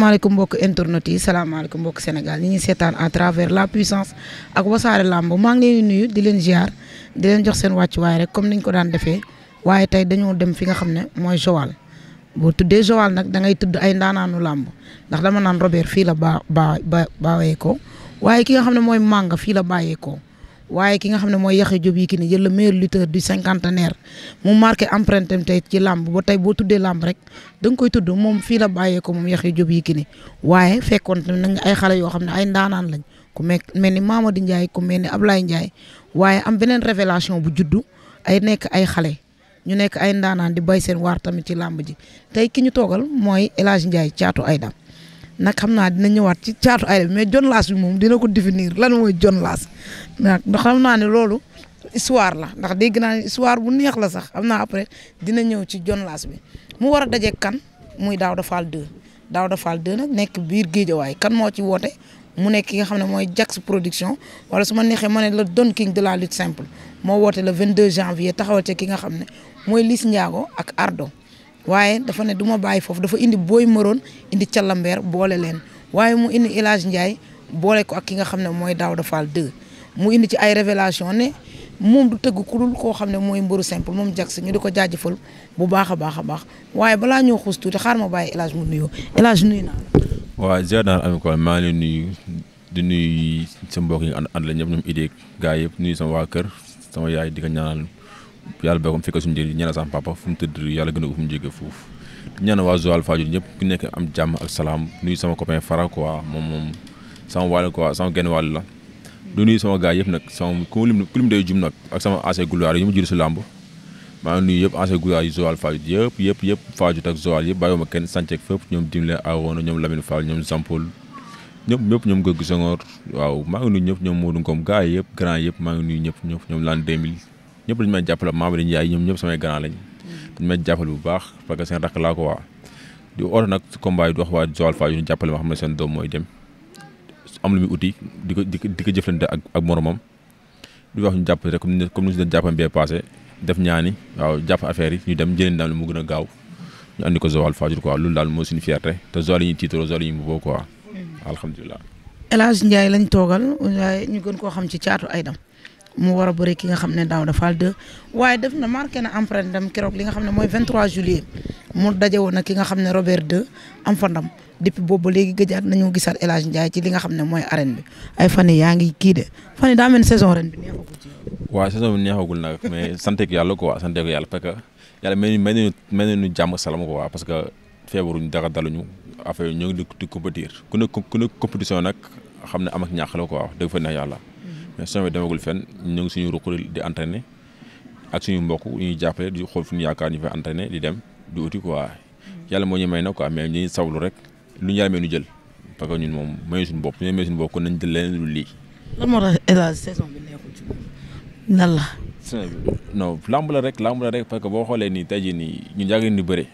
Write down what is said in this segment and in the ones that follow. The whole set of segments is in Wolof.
salaamaaleykum mbokk internet yi salaamaaleykum mbokk Sénégal ñi ñuy seetaan à travers la puissance ak wasaare làmb maa ngi leen nuyu di leen ziar di leen jox seen wàccuwaay rek comme ni ñu ko daan defee waaye tey dañoo dem fi nga xam ne mooy Joal boo tuddee Joal nag da ngay tudd ay ndaanaanu làmb ndax dama naan Robert fii la ba ba ba bàyyee ko waaye ki nga xam ne mooy Manga fii la bàyyee ko waaye ki nga xam ne mooy Yaxya Diop Yékini jël le meilleur lutteur du cinquantenaire mu marqué empreinte am tey ci làmb ba tey boo tuddee làmb rek danga koy tudd moom fii la bàyyee ko moom yi ki Yékini waaye fekkoon nañ ay xale yoo xam ne ay ndaanaan lañ ku mel ni Mamadou Ndiaye ku mel ni Ablaye Ndiaye waaye am beneen révélation bu juddu ay nekk ay xale ñu nekk ay ndaanaan di bay seen waar tamit ci làmb ji tey ki ñu toogal mooy élage Hadj caatu ay dam nag xam naa dina ñëwaat ci caatu ay mais John Lass bi moom dina ko définir lan mooy John Lass ndax xam naa ne loolu histoire la ndax dégg naa ne bu neex la sax xam naa après dina ñëw ci John Lass bi mu war a daje kan muy Daouda Fall 2 Daouda Fall 2 nag nekk biir Géejawaay kan moo ci woote mu nekk ki nga xam ne mooy Jax production wala su ma neexee ma ne la Don King de la lutte simple moo woote le 22 janvier taxawal ci ki nga xam ne mooy liis Ndiago ak Ardo waaye dafa ne duma bàyyi foofu dafa indi booy Maroon indi Calamber boole leen waaye mu indi El Hadj Ndiaye boole ko ak ki nga xam ne mooy Daouda Fall 2 mu indi ci ay révélation ne moom du tëgg ku dul koo xam ne mooy mbëru simple moom Jax ñu di ko jaajëfal bu baax a baax a baax waaye balaa ñoo xuus tuuti xaar ma bàyyi El Hadj mu nuyoo El Hadj nuyu naa la. waaw ziar naa maa ngi nuyu di nuyu sa mbokk yi ànd la ñëpp ñoom idée gaa yëpp nuyu sama waa kër sama yaay di ko yàlla bokkoon fekk suñu njëriñ ñaanal sama papa fu mu tëdd yàlla gën a uf mu jóge foofu ñaanal waa Joal Fadiouth ñëpp ku nekk am jàmm ak salaam nuyu sama copain Fara quoi moom moom sama wàll quoi sama genn wàll la du nuyu sama gars yëpp nag sama ku lim ku lim day jum nag ak sama ancien gloire yi yëpp yëpp yëpp yëpp Fadiouth ak Joal yëpp bàyyiwuma kenn sànceeg fépp ñoom dimle awoona ñoom Lamine Fall ñoom Sampol ñëpp ñëpp ñoom Gëgg Senghor waaw maa ngi nuyu ñëpp ñoom Modou Ngom gars yëpp grand yëpp maa ngi nuyu ñëpp ñëpp ñoom laan 2000 ñëpp dañu may jàppale maam dañu yaay ñoom ñëpp samay grand lañ mm. dañu may jàppale bu baax parce que seen rakk laa ko waa di oto nag si combat yi wax waa Joal Fadiouth ñu jàppale ma xam ne seen doom mooy dem am lu muy uti di ko di ko di ko jëflante ak ak moromam di wax ñu jàppale rek comme ni comme ni ñu si def ñaani waaw jàpp affaire ñu dem jëleen daam lu mu gën a gaaw ñu andi ko Joal Fadiouth quoi loolu daal moo suñu fierté te Joal yi ñuy tiitaroo Joal yi ñu boo quoi mm. alhamdulilah El Hadj Ndiaye lañ toogal ñu gën koo xam ci caatu Aydam mu war a bëri ki nga xam ne daaw dafaal deux waaye def na marqué na empreinte dem keroog li nga xam ne mooy 23 juillet mu daje woon na ki nga xam ne Robert 2 am fa ndam depuis boobu ba léegi gëjaat nañu gisaat El Hadj ci li nga xam ne mooy arène bi ay fan yaa ngi kii de fan yii saison ren bi neexagul ci waaw saison bi neexagul nag mais sant ak yàlla quoi sant ak yàlla parce que yàlla mel ni mel nañu mel nañu jàmm salaam quoi parce que feebaruñ dara daluñu affaire yi ñoo ngi nag xam ne am ak ñàkk la quoi wax mais sama demagul fenn ñu ngi suñu ruq di entraîné ak suñu mbokk ñuy jàppale di xool suñu yaakaar ñu fa entraîné di dem di uti quoi yàlla moo ñu may na ko mais ñu sawlu rek lu ñu yàlla may jël parce que ñun moom mayu suñu bopp ñu nañ jël leneen lu lii. lan saison bi neexul ci moom lan la. saison bi non lamb la rek lamb la boo xoolee tey jii nii ñun yàgg ni bëre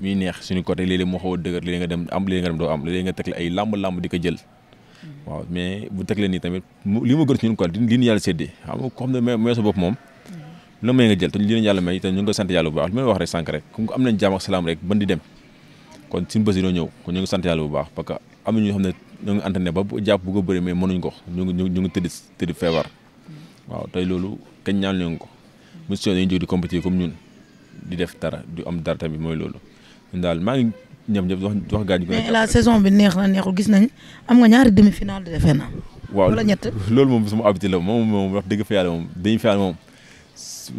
muy neex suñu côté léeg moo xaw a dëgër nga dem am léeg nga dem doo am léeg nga teg la ay lamb lamb di ko jël waaw mais bu teg leen nii tamit li ma gën ci ñun quoi li ñu yàlla séddee xam nga comme mooy sa bopp moom mm. la may nga jël te li leen yàlla may te ñu ngi sant yàlla bu baax li ma wax rek sànq rek comme am nañ jàmm ak salaam rek ban di dem kon suñu bés sant yàlla bu baax parce que am na ñoo xam ne ñoo ngi entraîné ñu ngi ñu tëdd feebar mm. waaw tey loolu kañ ñaan ñu ko mission dañuy jóg di compétir comme ñun di def dara du am dara tamit mooy loolu ñun daal ñoom ñëpp wax wax gaañ. mais la saison bi neex na neexul gis nañ am nga ñaari demi finale de defe na. waaw wala ñett loolu moom sama habitude la moom moom wax dëgg fa yàlla moom demi finale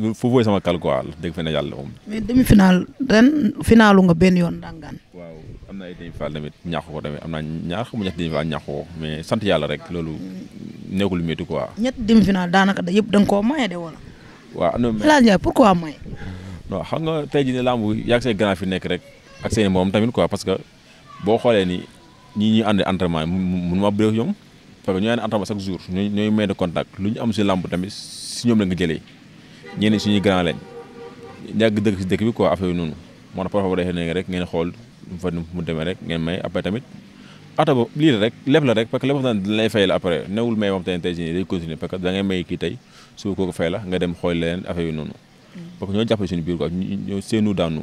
moom foofu mooy sama kàl quoi wax dëgg fa yàlla mais demi finale ren finalu nga benn yoon ndàngaan. waaw am na ay demi finale tamit ñaaxu ko tamit am naa ñaar mu ñett demi finale ñaaxu ko mais sant yàlla rek loolu nekkul métti quoi. ñett demi finale daanaka da yëpp da nga koo maye de wala. waaw non mais El Hadj Ndiaye pourquoi maye. non xam nga tey jii ne làmb yàgg say grand fi nekk rek. ak seen moom tamit quoi parce que boo xoolee ni ñi ñuy ànd entraînement mun ma que ñooy ànd entraînement chaque jour ñooy ñooy may de contact lu ñu am si làmb tamit si ñoom la nga jëlee ñenn suñuy grand lañ yàgg dëkk si dëkk bi quoi affaire yu noonu moo tax parfois bu defee ne rek ngeen xool fa mu demee rek ngeen may après tamit ata ba lii parce que lépp dañ lay fay la nga dem xool leneen affaire yu noonu mm. parce que ñoo jàppale suñu biir quoi ñoo seenu daanu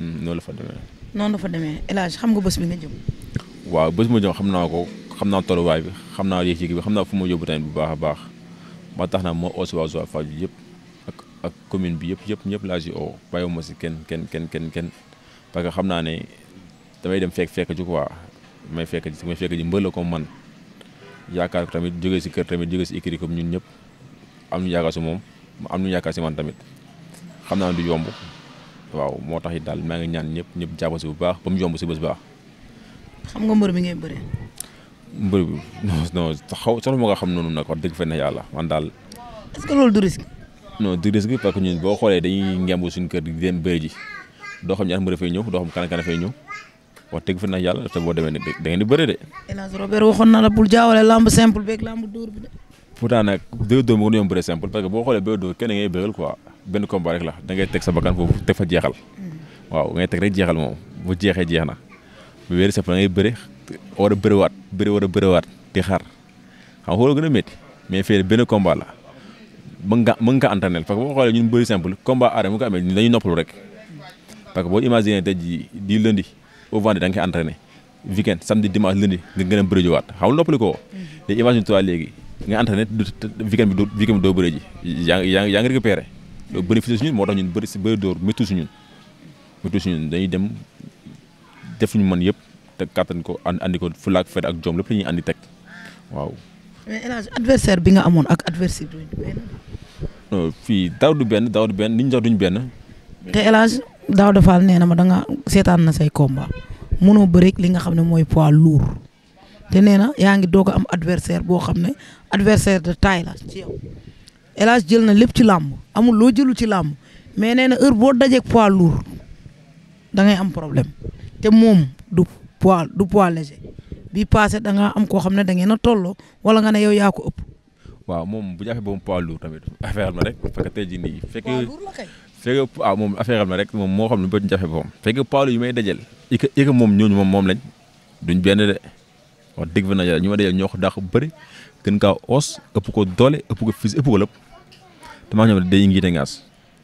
Mm, noonu la fa demee. noonu fa demee El xam nga bés bi nga jëm. waaw bës bi ma jëm xam naa ko xam naa tolluwaay bi xam naa yéeg-yéeg bi xam naa fu ma yóbbu tamit bu baax a baax ba tax na moo oosi waa Joal yëpp ak ak commune bi yëpp yëpp ñëpp laa si oo bàyyiwuma si kenn kenn kenn kenn kenn parce que xam naa ne damay dem fekk fekk ji quoi may fekk ji may fekk ji mbër la man yaakaar tamit jógee si kër tamit jógee si écrit comme ñun ñëpp am ñu yaakaar si moom am ñu yaakaar si man tamit xam naa du yomb waaw moo tax it daal maa ngi ñaan ñëpp ñëpp jàpp si bu baax ba mu yomb si bés bu baax. xam nga mbër mi ngay bëree. mbër bi non non xaw sax ma nga xam noonu nag wax dëgg fa ne yàlla man daal. est-ce que xoolee dañuy ngemb suñu kër di dem bëri ji doo xam ñaar mbër fay ñëw doo xam kan kan de. waxoon na la bul jaawale lamb simple beeg lamb dóor bi de. pourtant nag bëri dóor moo gën a yomb bëri simple parce que boo xoolee bëri dóor kenn ngay bëral quoi benn combat rek la da ngay teg sa bakkan foofu teg fa jeexal waaw ngay teg rek jeexal moom bu jeexee jeex na bu wér sa da ngay bëre war a bëriwaat bëri war a bëriwaat di xaar xam nga xooloo gën a métti mais fii benn combat la mën nga mën nga entraîner parce que boo xoolee ñun bëri simple combat aare mu ko amee ñun dañuy noppalu rek parce que boo imaginer tey jii di lundi au vendredi da nga koy entraîner weekend samedi dimanche lundi nga gën a bëri jiwaat xam nga noppali ko te imagine toi léegi nga entraîner weekend bi doo weekend bi doo bëri ji yaa ngi yaa ngi récupéré loolu bénéfice ñun moo tax ñun bëri si bari dóor méttu si ñun méttu si ñun dañuy dem def ñu mën yëpp te kàttan ko and andi ko fulaak fed ak jom lépp la àndi teg waaw. mais El adversaire bi nga amoon ak adversaire du benn. non du benn daaw du benn li ñu jox duñ benn. te El Hadj daaw dafaal nee na ma da nga seetaan na say combat mënoo bëreeg li nga xam ne mooy poids lourd te nee na yaa ngi doo a am adversaire boo xam ne adversaire de taille la ci yow. El jël na lépp ci làmb amul loo jëlu ci làmb mais nee na heure boo dajeeg poids lourd da ngay am problème te moom du poids du poids léger bi passé da ngaa am koo xam ne da ngeen a tolloo wala nga ne yow yaa ko ëpp. waaw moom bu jafe boom boobu poids tamit affaire am rek parce que tey jii nii. poids lourd la kay moom rek moom moo xam ne ba jafe boppam. fekk poids lourd yu may dajal. ika ika moom ñooñu moom moom lañ duñ benn de wax dëgg fa na ñu ma dajal ñoo ko dàq bu bëri gën kaa os ëpp ko doole ëpp ko fis ëpp ko lépp te maa ñoom day ngiite ngaas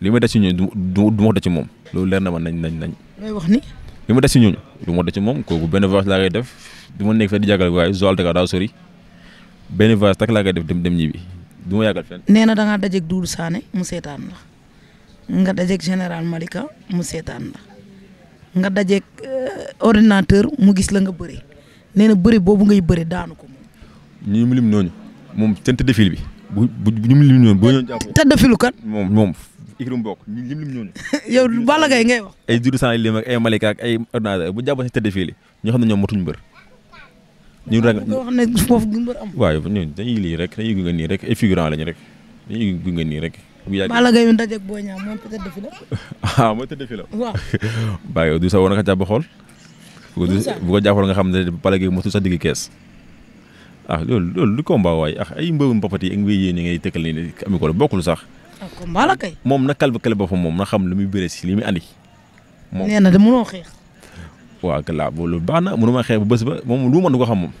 li ma des si ñooñu du du du ma des ci moom loolu leer na ma nañ nañ nañ. lay wax ni. li ma des si ñooñu du ma des ci moom kooku benn voyage laa koy def du ma nekk fii di jàggal waaye Joal Dakar daa sori benn voyage tak laa koy dem dem ñibbi du ma yàggal fenn. nee na da ngaa dajeeg saane mu seetaan la nga dajeeg général Malika mu seetaan la nga dajeeg euh, ordinateur mu gis la nga bëri nee na boobu ngay bëri daanu ko. ñu mu lim ñooñu moom tente défil bi bu bu ñu lim ñooñu boo ñëw jàpp tente défil kan moom moom ikrum bokk ñu lim lim ñooñu yow Balla ngay wax ay juru san lim ak ay Malika ak ay ordinateur bu jàpp si tente défil yi ñoo xam ne ñoom motuñu mbër ñu rek wax ne foofu du mbër am waaw ñooñu dañuy lii rek dañuy gunge nii rek lañu rek dañuy gunge nii rek Balla Gaye ñu dajeeg Boy Niang moom peut-être défil la ah mooy la waaw bàyyi du sa woon jàpp xool bu ko nga xam ne Balla Gaye mosul sax digg kees ah loolu loolu du combat waay ah ay mbëru mbapat yi ak mbéy yéen ñi ngay tëkkal ni ami ko la bokkul sax. Ah, moom na kalb kale boppam moom na xam lu muy bëree si li muy andi. moom nee na de mënoo xeex. waaw gala loolu baax na mënuma xeex bu bés ba moom lu man du ko xam moom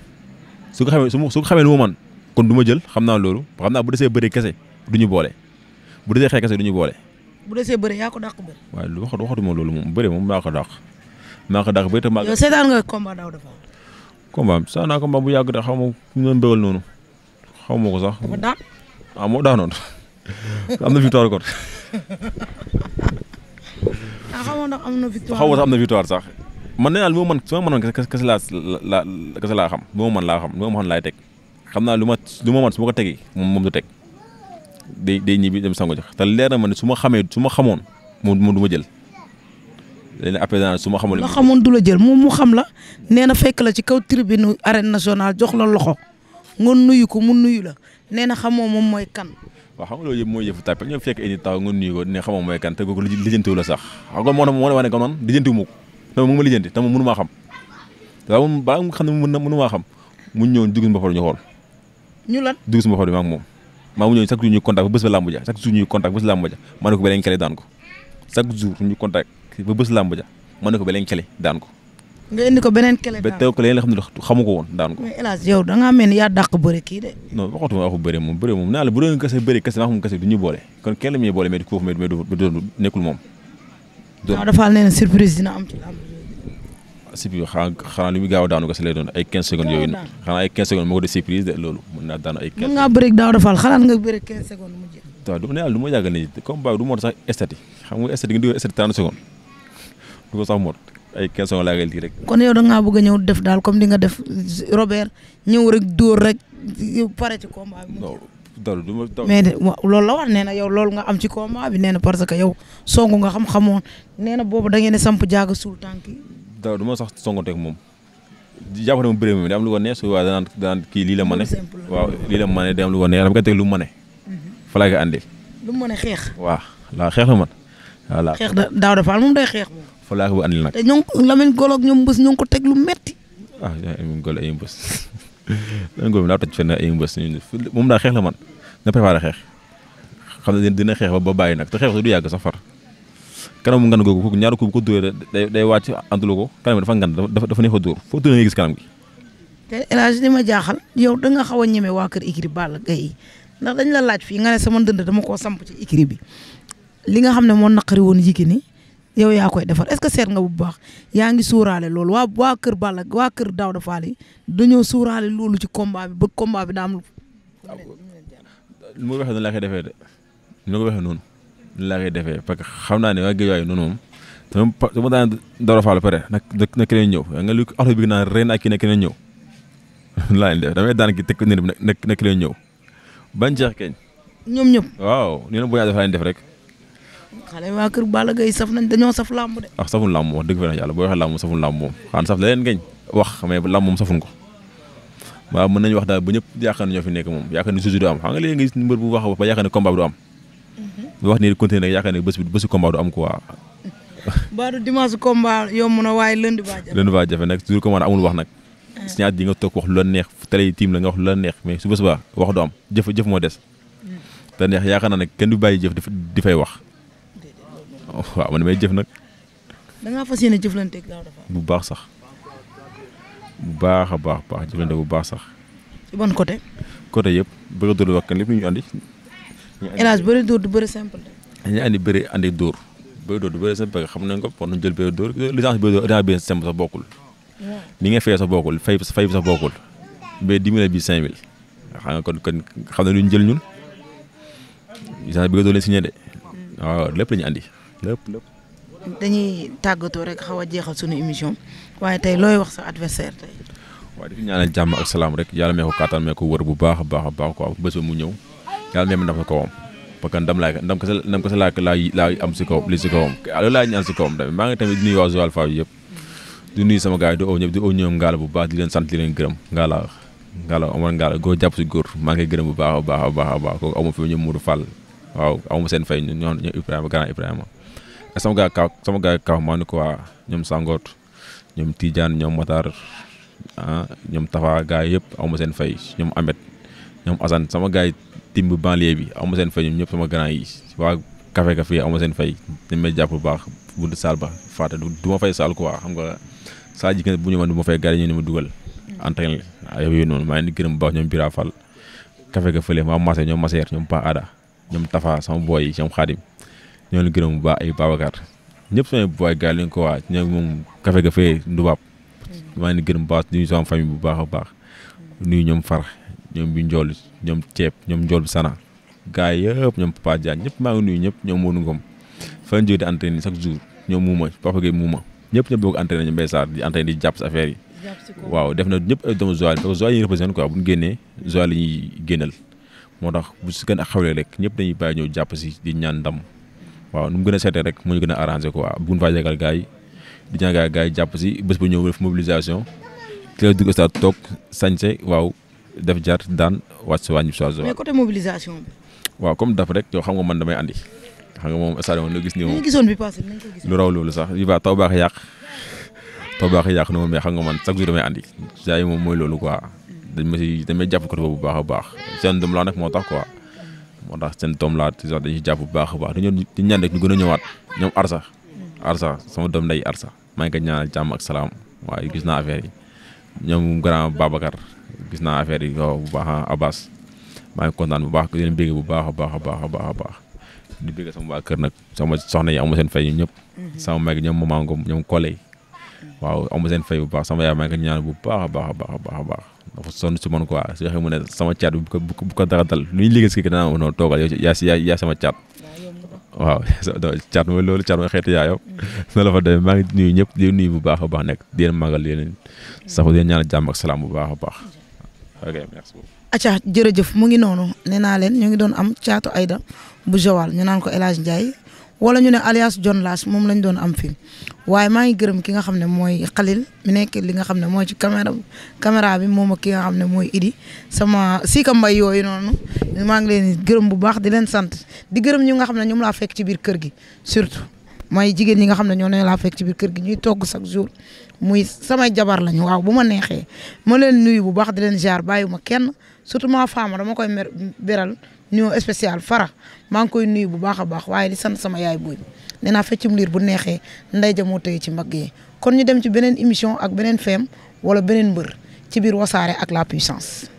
su ko xamee su ko xamee lu mu man kon du ma jël xam naa loolu xam naa bu desee bëri kese du ñu boole bu desee xeex kese du ñu boole. bu desee bëri yaa ko dàq bëri. waaw lu wax waxatuma loolu moom bëri moom maa ko dàq maa ko dàq bëri te maa. yow seetaan combat bi saa naa combat bu yàgg de xaw ma noonu xaw ma ko sax. dafa daan ah moo daanoon am na victoire kon. Ah, xaw ma ndax am na victoire xaw ma sax am na victoire sax. ma mën su ma mënoon kese kese laa la kese laa xam lu ma mën laa xam lu ma mën laay teg xam naa lu ma lu ma mën su ma ko tegee moom moom du teg day day ñibbi dem sango jox te leer na ma ne su ma xamee su ma xamoon moom du ma jël. leen apaisant su ma xamul. la xamoon du la jël moom mu xam la nee na fekk la ci kaw tribune arène nationale jox la loxo nga nuyu ko mu nuyu la nee na xamoo moom mooy kan. waaw xam nga loolu yëpp mooy yëfu tàppe ñoom fekk ay nit taw nga nuyu ko ne xamoo mooy kan te kooku lijjantiwu la sax xam nga moo tax moo tax ma ne ko noonu lijjantiwu ma ko te mu ma lijjanti te mu mënu maa xam waaw moom balaa nga xam ne mën na mënu maa xam mu ñëw dugg si mboq ñu xool. ñu lan dugg si mboq bi ma ak moom maa mu ñëw chaque jour ñuy contact ba bés ba làmb ja chaque jour ñuy contact bés làmb ja ma ne ko beneen kere daan ko chaque jour ñuy contact nekk ba bés làmb ja ma ne ko beneen kele daan ko. nga indi ko beneen kele daan ko ba teew ko leneen xam ne xamu ko woon daan ko. mais El Hadj yow da ngaa mel ni yaa dàq bëri kii de. non waxatuma waxu bëri moom bëri moom naa la bu doon kese bëri kese naa xam kese du ñu boole kon kenn la ñuy boole mais du ko mais du doon nekkul moom. waaw dafa ne surprise dina am ci làmb. surprise xanaa xanaa lu muy gaaw daanu kese lay doon ay 15 secondes yooyu xanaa ay 15 secondes moo ko def surprise de loolu mën naa daanu ay. 15 mën ngaa bëri daaw dafa xalaat nga bëri 15 secondes mu jeex. waaw du ma yàlla du ma yàgg nii combat du moo tax sax estati xam nga estati nga dugal estati 30 secondes du ko sax mot ay question laa koy rek. kon yow da ngaa bëgg a ñëw def daal comme di nga def Robert ñëw rek dóor rek pare ci combat bi. non dara du ma mais de loolu la wax nee na yow loolu nga am ci combat bi nee na parce que yow songu nga xam-xamoon nee na boobu da ngeen di samp jaaga suul tànk yi. dara du ma sax songanteeg moom. jàpp na mu bëri moom day am lu ko neex su waa danaan danaan kii lii la ma ne waaw lii la ma ne day am lu ko neex dama koy teg lu ma ne mhm. fa laa koy andil lu ma ne xeex waaw laa xeex la man voilà xeex da daaw dafa moom day xeex moom fa laa ko andil nag. te eh, ñoo ngi ko ñoom mbës ñoo ko teg lu metti ah Lamine Golo ay mbës Lamine Golo daa toj fenn ay mbës moom daa xeex la man na préparé xeex xam ne dina xeex ba bàyyi nag te xeex du yàgg sax far nga ngan googu kooku ñaar kub ko dóoree day day wàcc antuloo ko kanam dafa ngan dafa dafa neex a dóor foo dóoree nga gis kanam gi. te El Hadj ma jaaxal yow da nga xaw a ñeme waa kër Ikri Balla Gaye ndax dañ la laaj fii nga ne sama ndënd dama koo samp ci Ikri bi li nga xam ne moo naqari woon Yékini yow yaa koy defar est-ce que seet nga bu baax yaa ngi suuraale loolu waa waa kër Balla waa kër Daouda Fall yi dañoo suuraale loolu ci combat bi ba combat bi daa am. lu ma waxee noonu laa koy defee de lu ma ko waxee noonu laa koy defee parce que xam naa ne waa géej waaye noonu moom sama pa sama daan Daouda Fall pare nag na keneen ñëw nga lu oto bi naan ren ak ki ne keneen ñëw laa leen def damay daan ki teg nit na na keneen ñëw ban jeex keñ. ñoom ñëpp waaw ñu ne bu ñu def laa leen def rek. xale waa kër Balla gay saf nañ dañoo saf làmb de. ah saful làmb wax la boo waxee làmb moom xaan saf la leen ngeen wax mais làmb moom saful ko waaw mën nañu wax daal ba ñëpp yaakaar ne ñoo fi nekk moom yaakaar ne suuf du am xam nga léegi nga gis mbër bu wax ba yaakaar ne mhm. combat du am. bu wax nii continué nag yaakaar ne bés du am quoi. yomb na waaye lundi baa jafe. lundi baa jafe nag toujours combat amul wax nag. Ah. si ñaar ji nga toog wax lu la neex télé yi tiim la nga wax lu la neex mais su bés wax du am jëf moo des. Mm. te neex yaakaar naa ne kenn du bàyyi jëf di fay wax waaw man damay jëf nag. da ngaa fas yéene jëflanteeg Daouda Fall. bu baax sax bu baax a baax baax jëflante bu baax sax. ci bon côté. côté yëpp bëri dóor la lépp lu ñu andi. El Hadj bëri dóor du bëri simple. dañuy andi bëri andi dóor bëri dóor du bëri simple xam nañ ko war nañ jël bëri dóor licence bëri dóor licence sax bokkul. li nga fay sax bokkul fay fay bi sax bokkul mais dix mille bi cinq mille xam nga lu ñu jël ñun licence bëri dóor lañ signé de mm. waaw lépp la àndi lépp lépp. dañuy tàggatoo rek xaw a jeexal sunu émission waaye tey looy wax sa adversaire tey. waaye dafa ñaanal jàmm ak salaam rek yàlla mee ko kàttan mee ko wër bu baax a baax a baax quoi bés ba mu ñëw yàlla mee ma ndam sa kawam parce que ndam laa ndam kese laa laa am si kawam li si kawam laa ñaan si kawam tamit maa ngi tamit di nuyu waa Joal Fadiouth yëpp sama gars yi di oo ngaala bu baax di leen sant di gërëm ngaala ngaala Omar ngaala góor si góor maa ngi bu baax baax a baax a baax kooku amu fi ñoom Modou Fall waaw amu seen fay ñoom Ibrahima grand Ibrahima ak sama gaa kaw kaw maa ni ko waa ñoom Sangoot ñoom Tidiane ñoom Matar ah ñoom Tafa gaa yëpp aw ma seen fay ñoom Amet ñoom Assane sama gaa yi timb banlieue bi aw ma seen fay ñoom ñëpp sama grand yi waa café café aw ma seen fay dañ may jàpp bu baax bunt saal ba faata du ma fay saal quoi xam nga saa ji bu ñu man du ma fay gars yi ñu ma dugal entraîné ay yooyu maa gërëm bu baax ñoom Bira Fall café ga fële ñoom Masseer ñoom Pa ñoom Tafa sama boy ñoom Xaadim ñoo gërëm bu baax ay Babacar ñëpp sama baay gaal leen ko waa ñoom moom café ga fee ndubaab maa ngi gërëm bu baax nuyu sama famille bu baax a baax nuyu ñoom far ñoom bi njool ñoom ceeb ñoom njool sana gars yëpp ñoom Papa Diagne ñëpp maa ngi nuyu ñëpp ñoom Modou Ngom fan jóge di entraîné chaque jour ñoom muuma Papa Gueye muuma ñëpp ñëpp boo ko ñu Mbaye Sarr di di jàpp si affaire waaw def na ñëpp ay doomu Joal parce que Joal yi bu ñu génnee Joal la ñuy génnal moo tax bu si gën a xawlee rek ñëpp dañuy bàyyi ñëw jàpp si di ñaan ndam waaw nu mu gën a seetee rek mu ñu gën a arrangé quoi buñ faa jegal gaay yi di ñaan gars yi jàpp si bés bu ñëw def mobilisation ki la dugg stade toog sañse waaw daan wàcc sa wàññi sa côté mobilisation bi. comme daf rek yow xam nga man damay andi xam nga moom stade moom la gis. ni moom gisoon bi loolu sax yi baax taw baax yàq taw baax yàq na moom mais xam nga man chaque jour damay andi saa yi moom mooy loolu ko dañ ma si damay jàpp côté boobu bu baax a baax seen dëm laa nag moo tax quoi. moo tax seen doom laa sax dañuy jàpp bu baax a baax dañoo di ñaan rek ñu gën a ñëwaat ñoom Arsa. Arsa sama doom nday Arsa maa ngi ko ñaanal jàmm ak salaam waaye gis naa affaire yi ñoom grand Babacar gis naa affaire yi waaw bu baax Abbas maa ngi kontaan bu baax di leen bégg bu baax a baax a baax a baax a baax di bégg sama waa kër nag sama soxna yi amu seen fay ñun ñëpp. Mhm. sama mag ñoom Mamango ñoom Kole waaw amu seen fey bu baax sama yaay maa ngi ko ñaan bu baax a baax a baax a baax. dafa sonn si man quoi su waxee mu ne sama caat bu ko bu ko dara dal lu ñu liggéey si kii danaa ma noonu toogal yow yaa si sama caat waaw caat mooy loolu caat mooy xeetu yaa yow mm. na la fa demee maa ngi ñëpp di nuyu bu baax a baax nekk di leen màggal di leen sax di leen ñaan jàmm salaam bu baax a baax ok merci beaucoup. acca jërëjëf mu ngi noonu ne naa leen ñu ngi doon am caatu ayda bu Joal ñu naan ko El Hadj wala ñu ne alias John Lass moom lañ doon am fi waaye maa ngi gërëm ki nga xam ne mooy Khalil mi nekk li nga xam ne mooy ci caméra caméra bi moom ak ki nga xam ne mooy Idi sama siika mbay yooyu noonu maa ngi leen gërëm bu baax di leen sant di gërëm ñu nga xam ne ñoom la fekk ci biir kër gi surtout mooy jigéen ñi nga xam ne ñoo ne laa fekk ci biir kër gi ñu togg chaque jour muy samay jabar lañu waaw bu ma neexee ma leen nuyu bu baax di leen jaar bàyyi ma kenn surtout ma femme dama koy beral ñoo spécial fara maa ngi koy nuyu bu baax a baax waaye di sant sama yaay buuj nee naa feccum liir bu neexee nday ja tey ci mbagg yi kon ñu dem ci beneen émission ak beneen feem wala beneen mbër ci biir wasaare ak la puissance